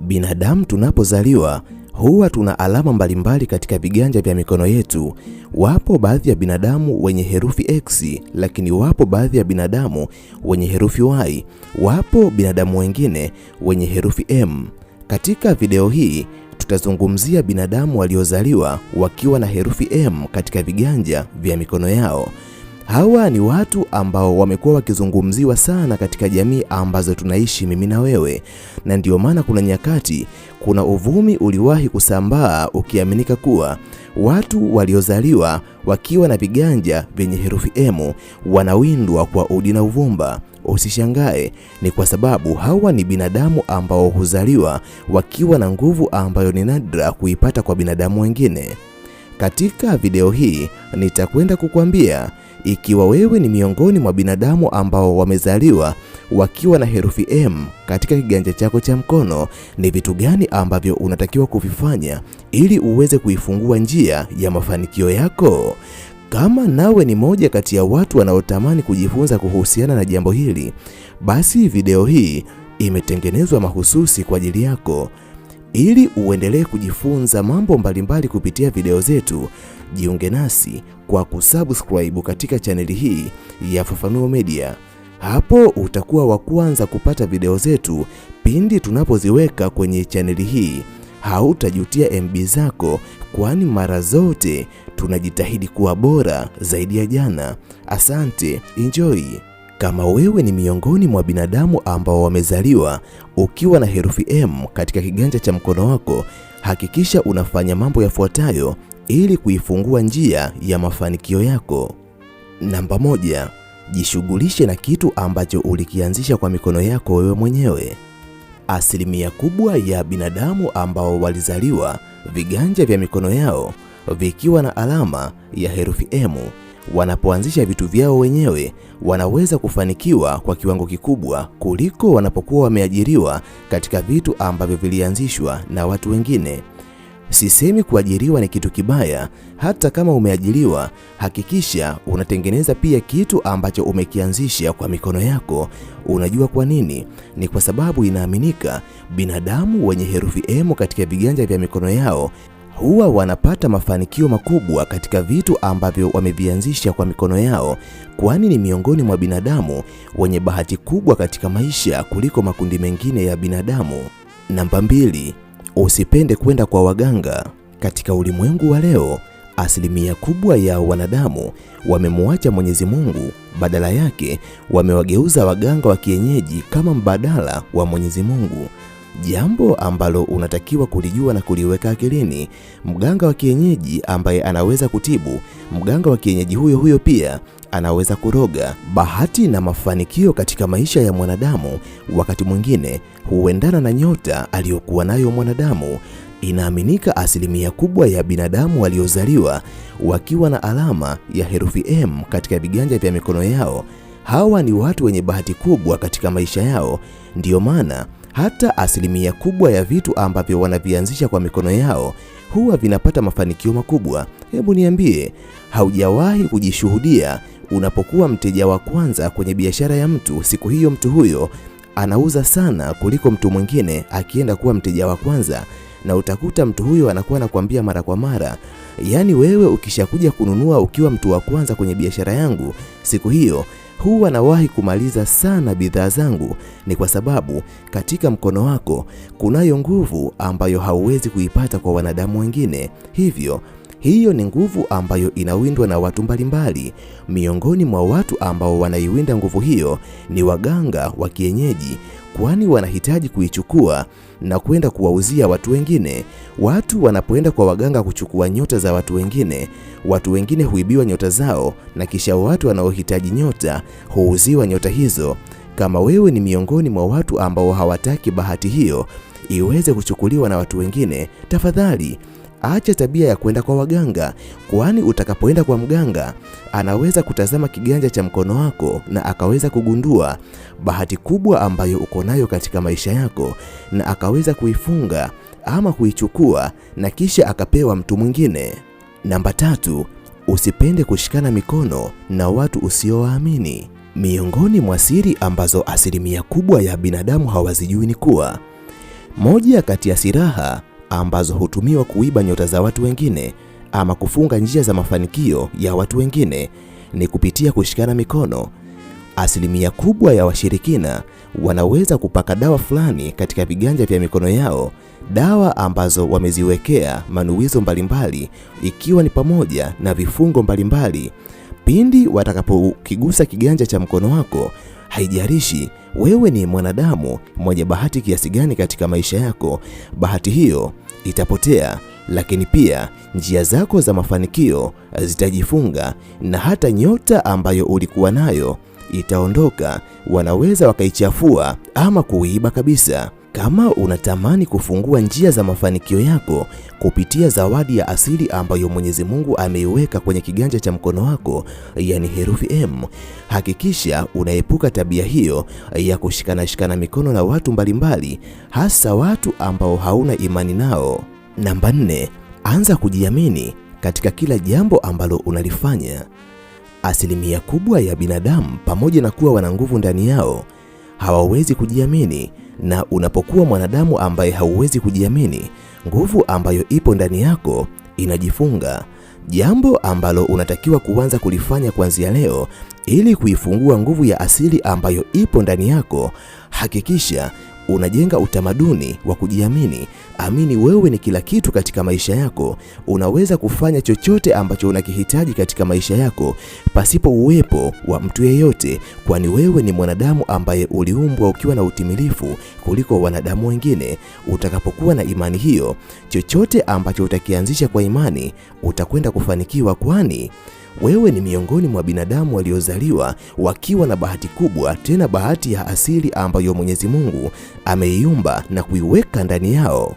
Binadamu tunapozaliwa huwa tuna alama mbalimbali katika viganja vya mikono yetu. Wapo baadhi ya binadamu wenye herufi X, lakini wapo baadhi ya binadamu wenye herufi Y. Wapo binadamu wengine wenye herufi M. Katika video hii tutazungumzia binadamu waliozaliwa wakiwa na herufi M katika viganja vya mikono yao. Hawa ni watu ambao wamekuwa wakizungumziwa sana katika jamii ambazo tunaishi mimi na wewe, na ndio maana kuna nyakati, kuna uvumi uliwahi kusambaa ukiaminika kuwa watu waliozaliwa wakiwa na viganja vyenye herufi M wanawindwa kwa udi na uvumba. Usishangae, ni kwa sababu hawa ni binadamu ambao huzaliwa wakiwa na nguvu ambayo ni nadra kuipata kwa binadamu wengine. Katika video hii nitakwenda kukuambia ikiwa wewe ni miongoni mwa binadamu ambao wamezaliwa wakiwa na herufi M katika kiganja chako cha mkono, ni vitu gani ambavyo unatakiwa kuvifanya ili uweze kuifungua njia ya mafanikio yako. Kama nawe ni moja kati ya watu wanaotamani kujifunza kuhusiana na jambo hili, basi video hii imetengenezwa mahususi kwa ajili yako. Ili uendelee kujifunza mambo mbalimbali kupitia video zetu, jiunge nasi kwa kusubscribe katika chaneli hii ya Fafanuo Media. Hapo utakuwa wa kwanza kupata video zetu pindi tunapoziweka kwenye chaneli hii. Hautajutia MB zako, kwani mara zote tunajitahidi kuwa bora zaidi ya jana. Asante, enjoy. Kama wewe ni miongoni mwa binadamu ambao wamezaliwa ukiwa na herufi M katika kiganja cha mkono wako, hakikisha unafanya mambo yafuatayo ili kuifungua njia ya mafanikio yako. Namba moja, jishughulishe na kitu ambacho ulikianzisha kwa mikono yako wewe mwenyewe. Asilimia kubwa ya binadamu ambao walizaliwa viganja vya mikono yao vikiwa na alama ya herufi M wanapoanzisha vitu vyao wenyewe wanaweza kufanikiwa kwa kiwango kikubwa kuliko wanapokuwa wameajiriwa katika vitu ambavyo vilianzishwa na watu wengine. Sisemi kuajiriwa ni kitu kibaya. Hata kama umeajiriwa, hakikisha unatengeneza pia kitu ambacho umekianzisha kwa mikono yako. Unajua kwa nini? Ni kwa sababu inaaminika binadamu wenye herufi M katika viganja vya mikono yao huwa wanapata mafanikio makubwa katika vitu ambavyo wamevianzisha kwa mikono yao, kwani ni miongoni mwa binadamu wenye bahati kubwa katika maisha kuliko makundi mengine ya binadamu. Namba mbili, usipende kwenda kwa waganga. Katika ulimwengu wa leo, asilimia kubwa ya wanadamu wamemwacha Mwenyezi Mungu, badala yake wamewageuza waganga wa kienyeji kama mbadala wa Mwenyezi Mungu Jambo ambalo unatakiwa kulijua na kuliweka akilini, mganga wa kienyeji ambaye anaweza kutibu, mganga wa kienyeji huyo huyo pia anaweza kuroga. Bahati na mafanikio katika maisha ya mwanadamu wakati mwingine huendana na nyota aliyokuwa nayo mwanadamu. Inaaminika asilimia kubwa ya binadamu waliozaliwa wakiwa na alama ya herufi M katika viganja vya mikono yao, hawa ni watu wenye bahati kubwa katika maisha yao. Ndiyo maana hata asilimia kubwa ya vitu ambavyo wanavianzisha kwa mikono yao huwa vinapata mafanikio makubwa. Hebu niambie, haujawahi kujishuhudia unapokuwa mteja wa kwanza kwenye biashara ya mtu, siku hiyo mtu huyo anauza sana kuliko mtu mwingine akienda kuwa mteja wa kwanza, na utakuta mtu huyo anakuwa anakuambia mara kwa mara, yaani wewe ukishakuja kununua ukiwa mtu wa kwanza kwenye biashara yangu, siku hiyo huwa nawahi kumaliza sana bidhaa zangu, ni kwa sababu katika mkono wako kunayo nguvu ambayo hauwezi kuipata kwa wanadamu wengine, hivyo hiyo ni nguvu ambayo inawindwa na watu mbalimbali. Miongoni mwa watu ambao wanaiwinda nguvu hiyo ni waganga wa kienyeji, kwani wanahitaji kuichukua na kwenda kuwauzia watu wengine. Watu wanapoenda kwa waganga kuchukua nyota za watu wengine, watu wengine huibiwa nyota zao na kisha watu wanaohitaji nyota huuziwa nyota hizo. Kama wewe ni miongoni mwa watu ambao hawataki bahati hiyo iweze kuchukuliwa na watu wengine, tafadhali acha tabia ya kwenda kwa waganga, kwani utakapoenda kwa mganga anaweza kutazama kiganja cha mkono wako na akaweza kugundua bahati kubwa ambayo uko nayo katika maisha yako na akaweza kuifunga ama kuichukua na kisha akapewa mtu mwingine. Namba tatu, usipende kushikana mikono na watu usiowaamini. Miongoni mwa siri ambazo asilimia kubwa ya binadamu hawazijui ni kuwa moja kati ya silaha ambazo hutumiwa kuiba nyota za watu wengine ama kufunga njia za mafanikio ya watu wengine ni kupitia kushikana mikono. Asilimia kubwa ya washirikina wanaweza kupaka dawa fulani katika viganja vya mikono yao, dawa ambazo wameziwekea manuizo mbalimbali, ikiwa ni pamoja na vifungo mbalimbali. Pindi watakapokigusa kiganja cha mkono wako, haijalishi wewe ni mwanadamu mwenye bahati kiasi gani katika maisha yako, bahati hiyo itapotea, lakini pia njia zako za mafanikio zitajifunga na hata nyota ambayo ulikuwa nayo itaondoka. Wanaweza wakaichafua ama kuiba kabisa. Kama unatamani kufungua njia za mafanikio yako kupitia zawadi ya asili ambayo Mwenyezi Mungu ameiweka kwenye kiganja cha mkono wako, yani herufi M, hakikisha unaepuka tabia hiyo ya kushikana shikana mikono na watu mbalimbali, hasa watu ambao hauna imani nao. Namba nne, anza kujiamini katika kila jambo ambalo unalifanya. Asilimia kubwa ya binadamu pamoja na kuwa wana nguvu ndani yao, hawawezi kujiamini na unapokuwa mwanadamu ambaye hauwezi kujiamini, nguvu ambayo ipo ndani yako inajifunga. Jambo ambalo unatakiwa kuanza kulifanya kuanzia leo ili kuifungua nguvu ya asili ambayo ipo ndani yako, hakikisha unajenga utamaduni wa kujiamini. Amini wewe ni kila kitu katika maisha yako. Unaweza kufanya chochote ambacho unakihitaji katika maisha yako pasipo uwepo wa mtu yeyote, kwani wewe ni mwanadamu ambaye uliumbwa ukiwa na utimilifu kuliko wanadamu wengine. Utakapokuwa na imani hiyo, chochote ambacho utakianzisha kwa imani utakwenda kufanikiwa, kwani wewe ni miongoni mwa binadamu waliozaliwa wakiwa na bahati kubwa, tena bahati ya asili ambayo Mwenyezi Mungu ameiumba na kuiweka ndani yao.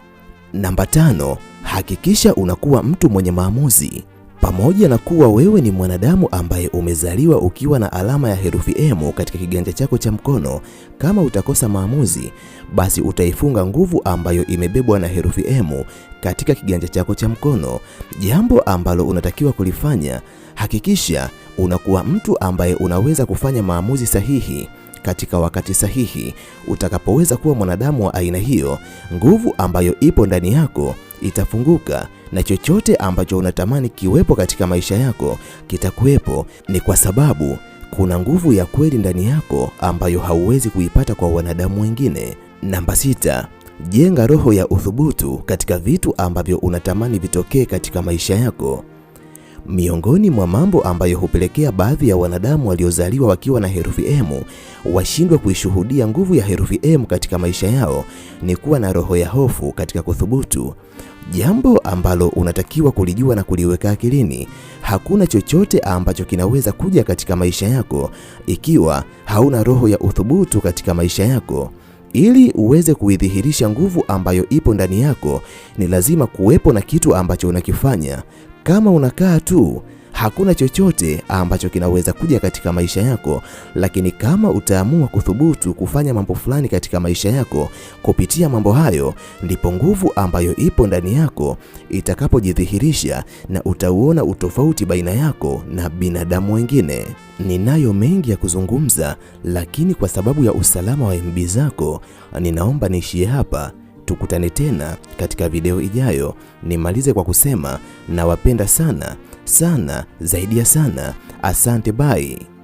Namba tano, hakikisha unakuwa mtu mwenye maamuzi. Pamoja na kuwa wewe ni mwanadamu ambaye umezaliwa ukiwa na alama ya herufi M katika kiganja chako cha mkono, kama utakosa maamuzi, basi utaifunga nguvu ambayo imebebwa na herufi M katika kiganja chako cha mkono. Jambo ambalo unatakiwa kulifanya, hakikisha unakuwa mtu ambaye unaweza kufanya maamuzi sahihi katika wakati sahihi. Utakapoweza kuwa mwanadamu wa aina hiyo, nguvu ambayo ipo ndani yako itafunguka na chochote ambacho unatamani kiwepo katika maisha yako kitakuwepo, ni kwa sababu kuna nguvu ya kweli ndani yako ambayo hauwezi kuipata kwa wanadamu wengine. Namba sita, jenga roho ya uthubutu katika vitu ambavyo unatamani vitokee katika maisha yako. Miongoni mwa mambo ambayo hupelekea baadhi ya wanadamu waliozaliwa wakiwa na herufi M washindwe kuishuhudia nguvu ya herufi M katika maisha yao ni kuwa na roho ya hofu katika kuthubutu, jambo ambalo unatakiwa kulijua na kuliweka akilini. Hakuna chochote ambacho kinaweza kuja katika maisha yako ikiwa hauna roho ya uthubutu katika maisha yako. Ili uweze kuidhihirisha nguvu ambayo ipo ndani yako, ni lazima kuwepo na kitu ambacho unakifanya kama unakaa tu, hakuna chochote ambacho kinaweza kuja katika maisha yako, lakini kama utaamua kuthubutu kufanya mambo fulani katika maisha yako kupitia mambo hayo, ndipo nguvu ambayo ipo ndani yako itakapojidhihirisha na utauona utofauti baina yako na binadamu wengine. Ninayo mengi ya kuzungumza, lakini kwa sababu ya usalama wa MB zako, ninaomba niishie hapa. Tukutane tena katika video ijayo. Nimalize kwa kusema nawapenda sana sana zaidi ya sana. Asante, bye.